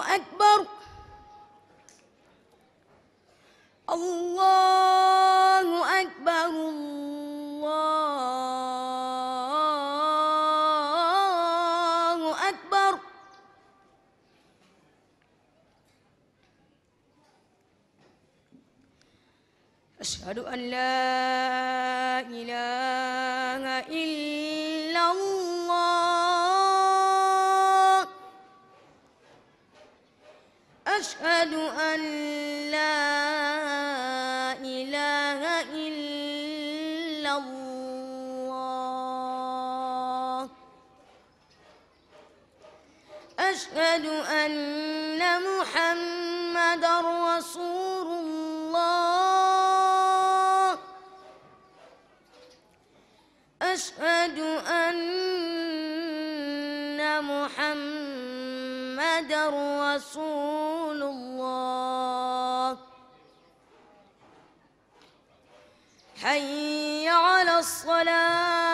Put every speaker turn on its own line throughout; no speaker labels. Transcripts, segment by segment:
أكبر الله أكبر الله أكبر أشهد أن لا أن يعلى الصلاة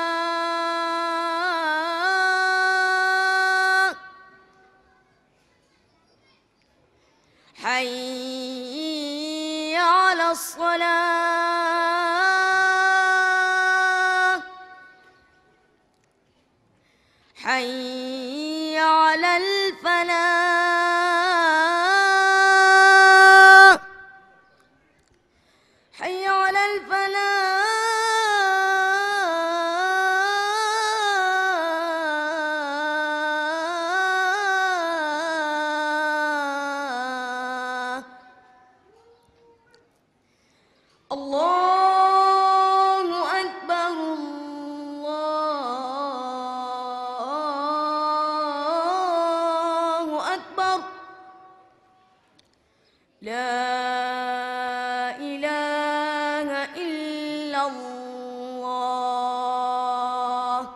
إلا الله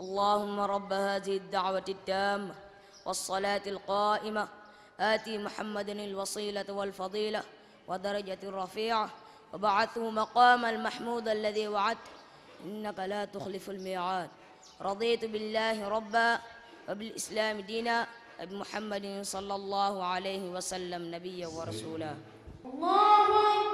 اللهم رب هذه الدعوة التامة والصلاة القائمة آتي محمدا الوصيلة والفضيلة ودرجة الرفيعة وبعثه مقام المحمود الذي وعدته إنك لا تخلف الميعاد رضيت بالله ربا وبالإسلام دينا بمحمد صلى الله عليه وسلم نبيا ورسولا الله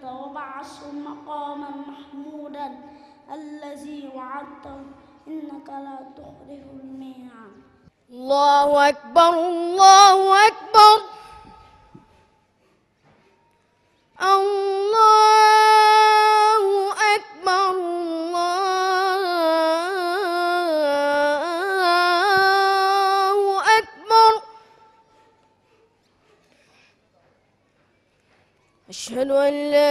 الجنة وبعثه مقاما محمودا الذي وعدته إنك لا تخلف الميعاد الله أكبر الله أكبر الله أكبر الله أكبر أشهد أن لا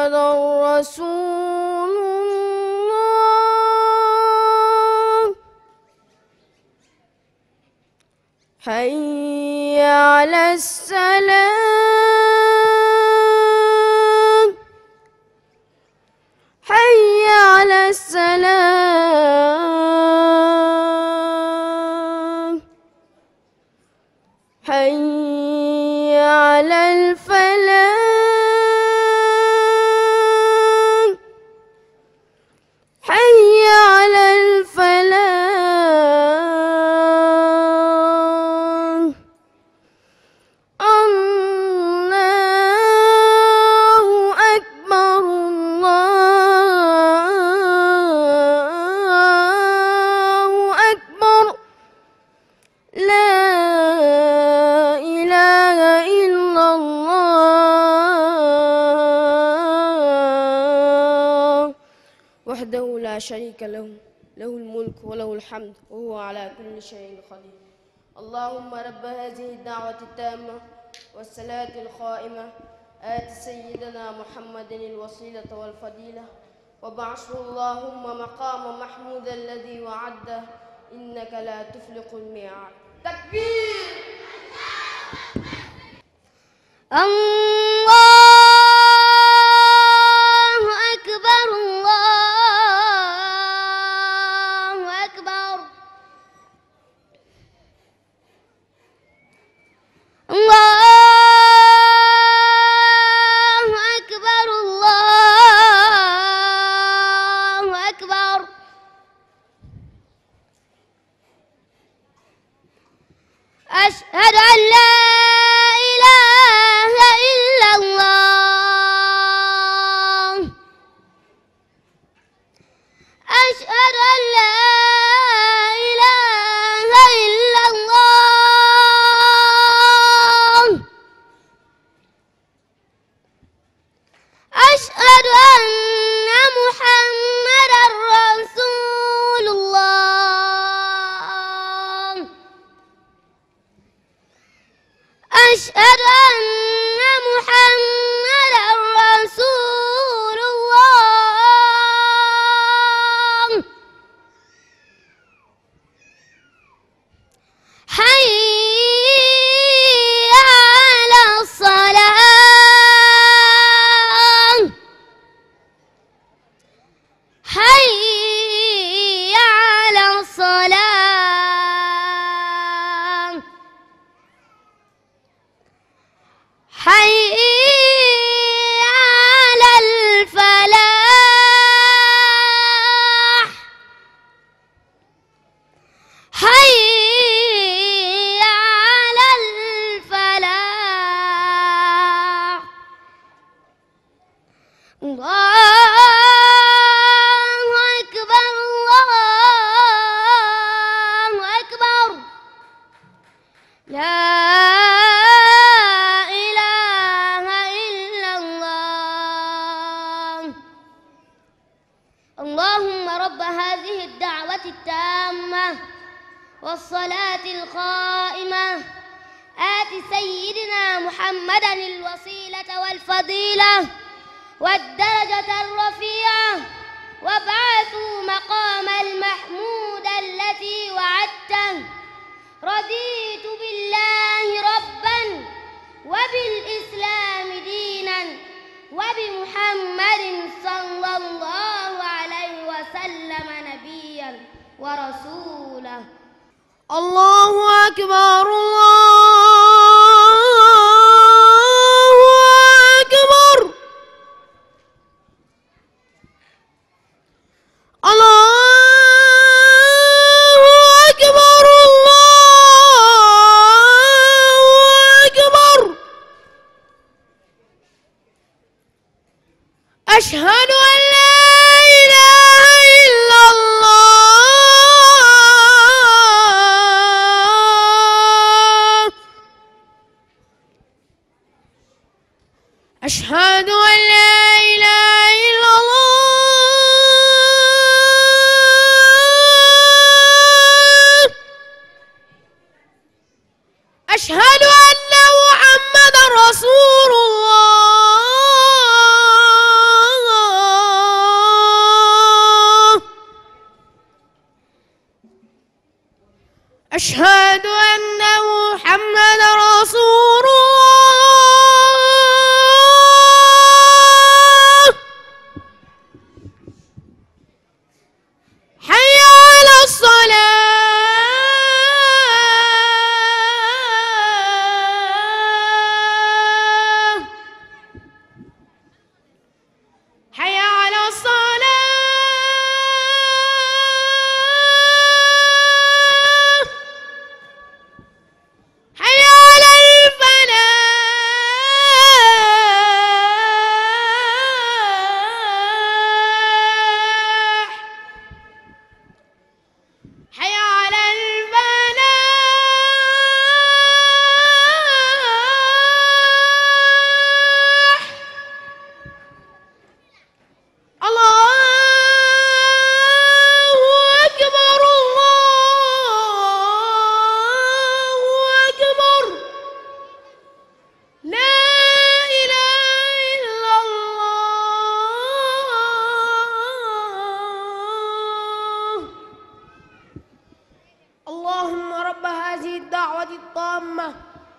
محمد رسول الله حي على السلام وحده لا شريك له له الملك وله الحمد وهو على كل شيء قدير اللهم رب هذه الدعوة التامة والصلاة القائمة آت سيدنا محمد الوسيلة والفضيلة وبعثه اللهم مقام محمود الذي وعده إنك لا تفلق الميعاد تكبير الله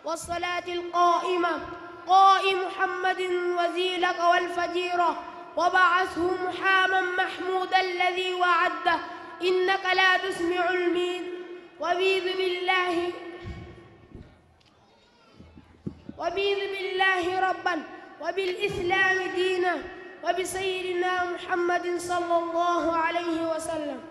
والصلاة القائمة قائم محمد وزيلك والفجيرة وبعثه محاما محمودا الذي وعده إنك لا تسمع الميت وبيذ بالله وبيذ بالله ربا وبالإسلام دينا وبسيدنا محمد صلى الله عليه وسلم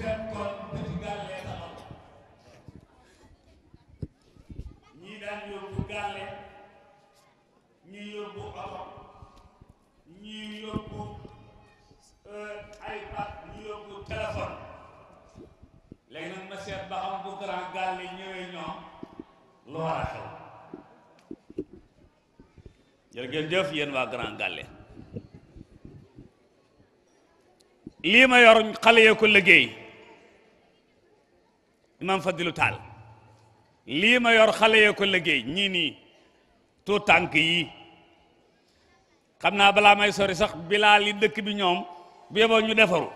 fekkoon petit gàlle taxaw
ñii daan yóbbu gàlle ñii yóbbu oto ñii yóbbu
euh, iPad ñii yóbbu téléphone
ma seet ba bu grand gàlle ñëwee ñoom lu war a xew jërë ngeen waa grand gàlle lii ma yor xale yee ko liggéey maam Fadilou lii ma yor xale yoo ko liggéey ñii nii tout tànk yi xam naa balaa may sori sax bilaa li dëkk bi ñoom bu yeboo ñu defaru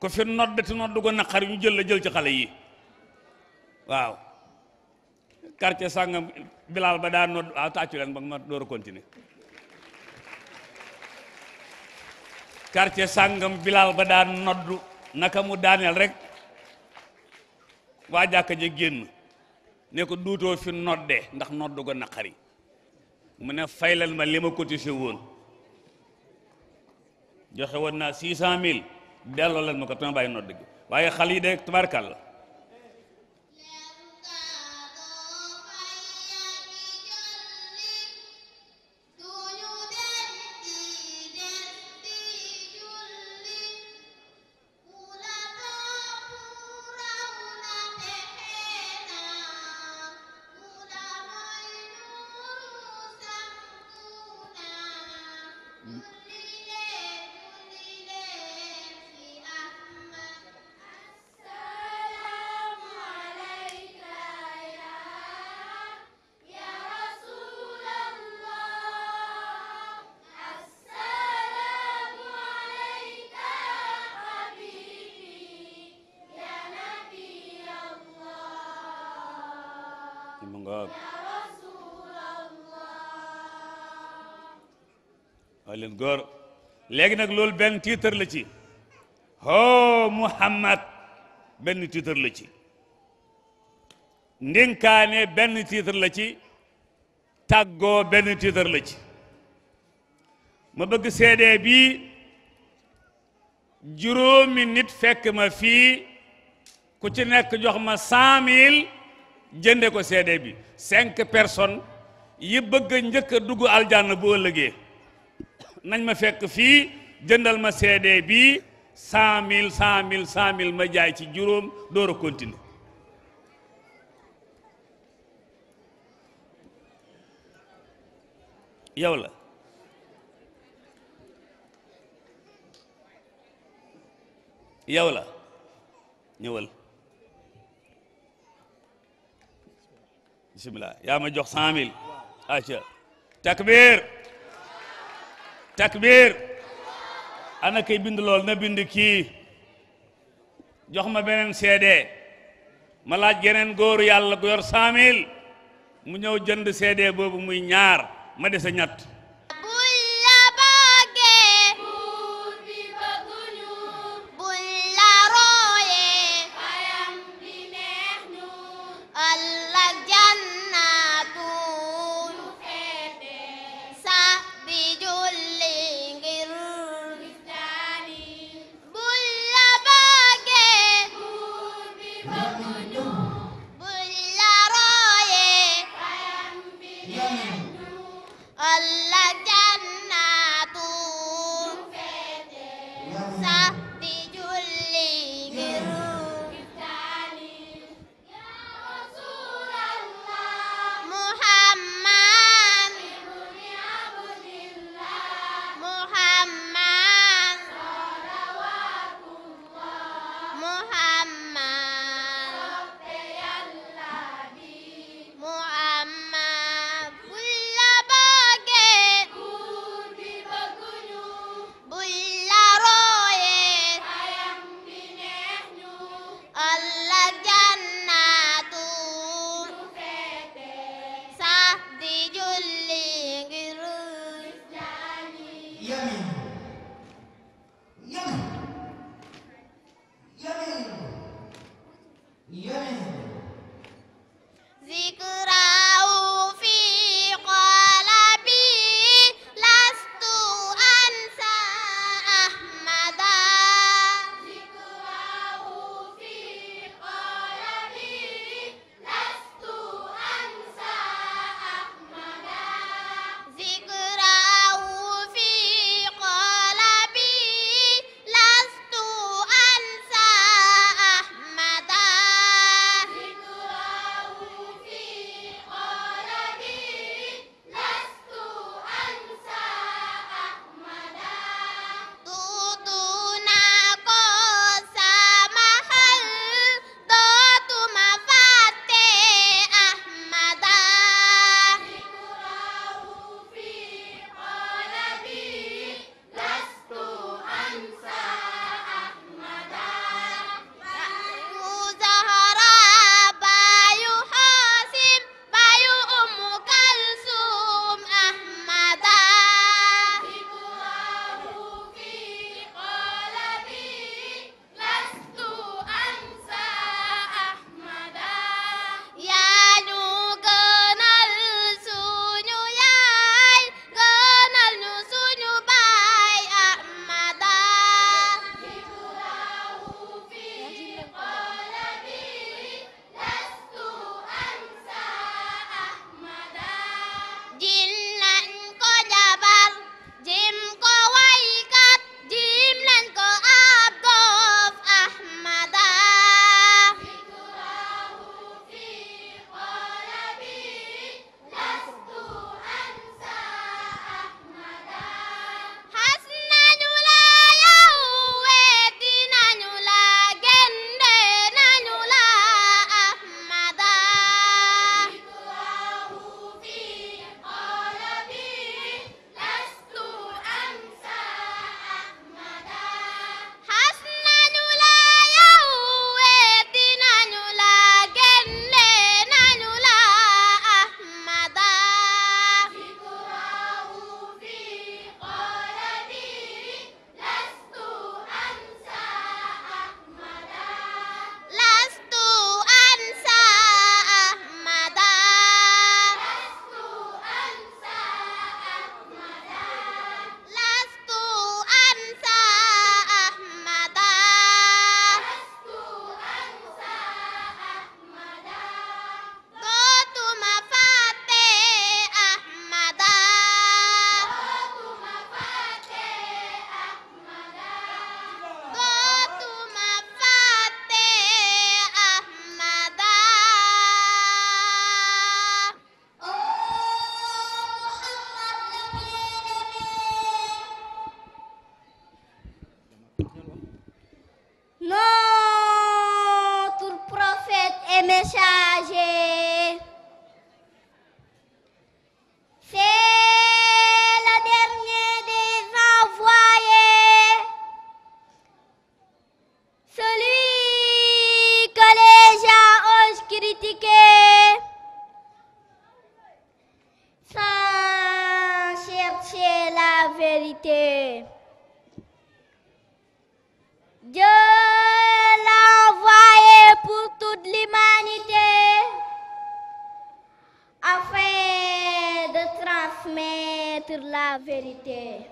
ko fi noddati noddu ko naqar ñu jël la jël ci xale yi waaw quartier sàngam bilaal ba daa nodd waaw tàccu leen ba ma door a continuer quartier sàngam bilaal ba daa nodd naka mu daaneel rek waa jàkk ji génn ne ko duutoo fi noddee ndax noddu ko naqari mu ne faylal ma li ma cotisé woon joxe woon naa six sant mille delloo leen ma ko tama bàyyi nodd waaye xal yi de tubaarkàlla mu ngoog waa leen góor nag loolu benn tiitar la ci hoo muhammad benn tiitar la ci ndénkaane benn tiitar la ci tàggoo benn tiitar la ci ma bëgg seede bi juróomi nit fekk ma fii ku ci nekk jox ma cent jënde ko seede bi cinq personnes yi bëgg njëkk a dugg aljanna bu ëllëgee nañ ma fekk fii jëndal ma seede bi cent mille cent mille cent mille ma jaay ci juróom door a yow la yow la ñëwal bisimilah yaa ma jox cent mille aca takbir takbir ana kay bind lool na bind kii jox ma beneen seede ma laaj geneen góoru yàlla gu yor cent mu ñëw jënd seede boobu muy ñaar ma dese ñett
vérité. l'a envoyé pour toute l'humanité afin de transmettre la vérité.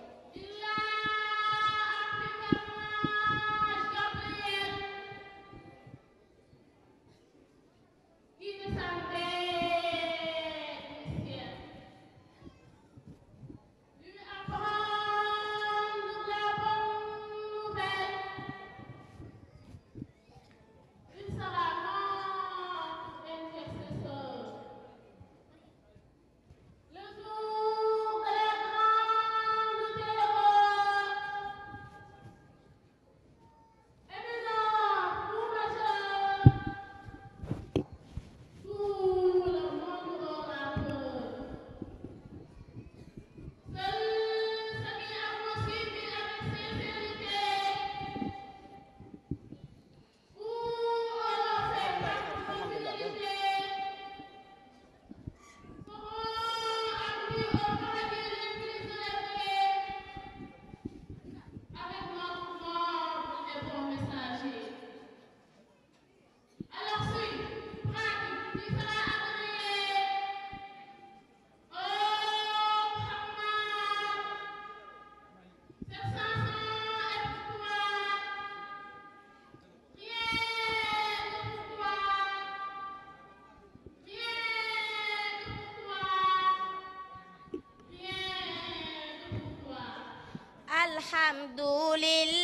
الحمد لله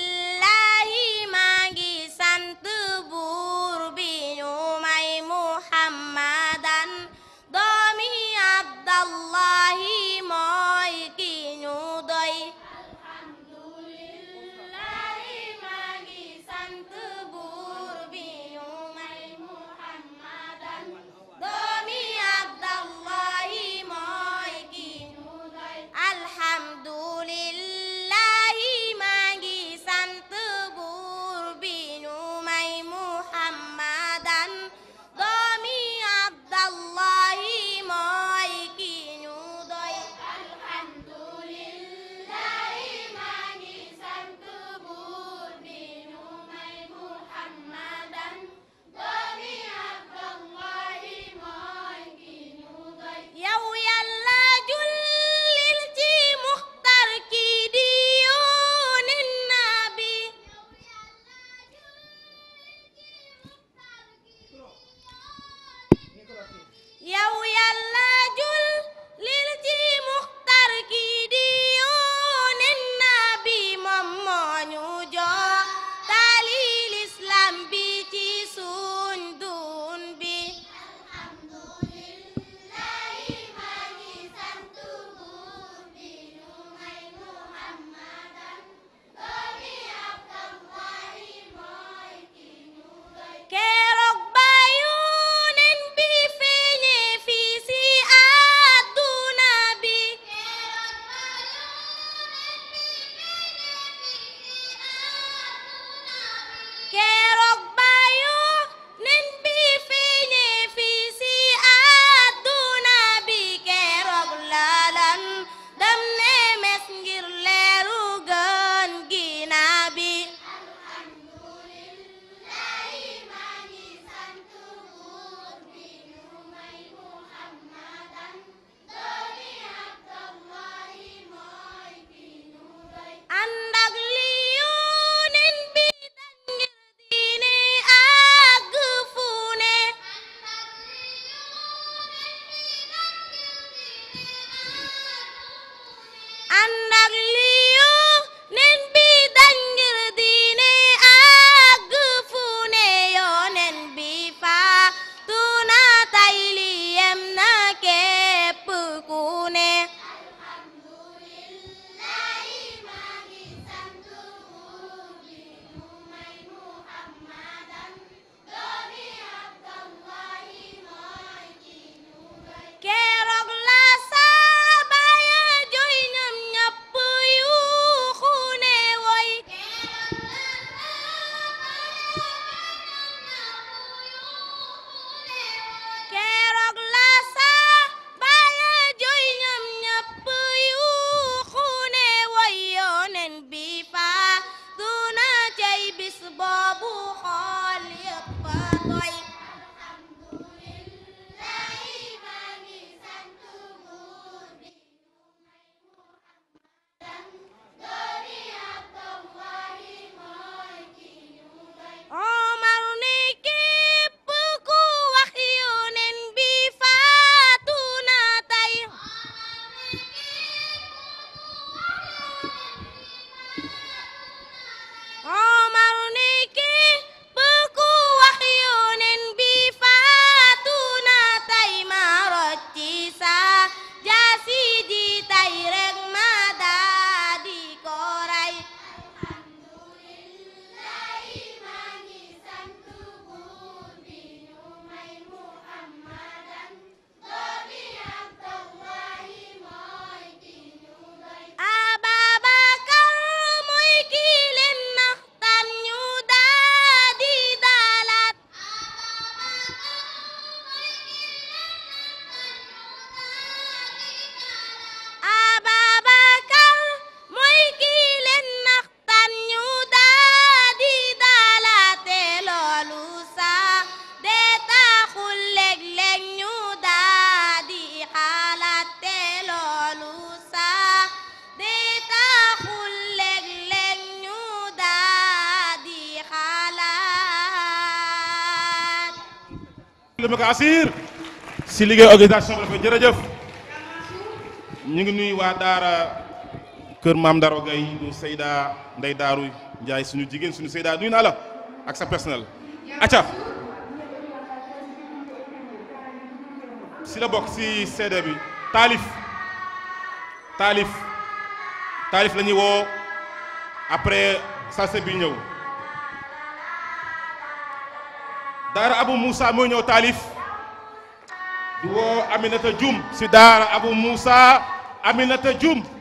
ko assir si liggéey organisation la dafa jërëjëf ñu ngi nuyu waa daara kër maam Daro Gaye du Ndey Daaru Njaay suñu jigéen suñu Seyda nuyu naa la ak sa personnel acca si la bokk si CD bi taalif taalif taalif la woo après salse bi ñëw daara Abou Moussa mooy ñëw taalif aminata jum si daara abou moussa aminata jum